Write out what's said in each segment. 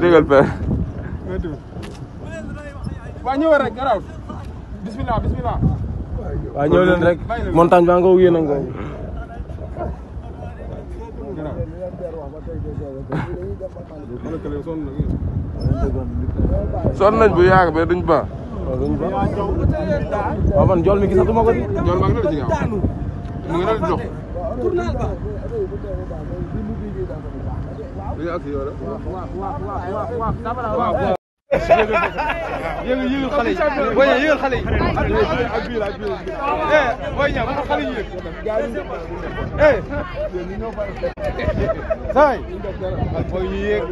déggal père. waa ñëwal rek garaawul. bismillah bismillah. waaw ñëw leen rek montagne baa nga yéen a ngoo. sonn nañ bu yàgg ba duñ ba. waaw duñ ba waaw man jool mi gisatuma ko di. jool maa ngi doon ci gaaw. mu ngi doon jox. tournal ba. yëngal yëngal xale yi booy ña yëngal xale yi. eh booy ña wax xale yi yëg. eh. saa yi. booy ñuy yëg.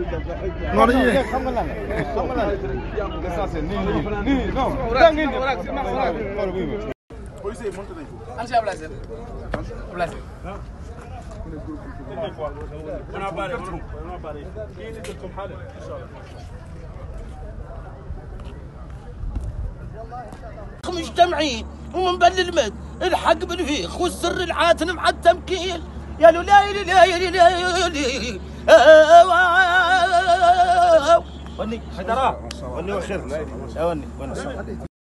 non dañuy yëg xam nga lan la. xam nga lan la. l' essentiel nii nii nii non. policier yi monté nañ ko. an si Ablaye Sène. Ablaye Sène. مجتمعين ومن المد الحق بالفيخ والسر العاتن مع التمكين يا لولاي لولاي لولاي وني حيدرا وني وخير وني وني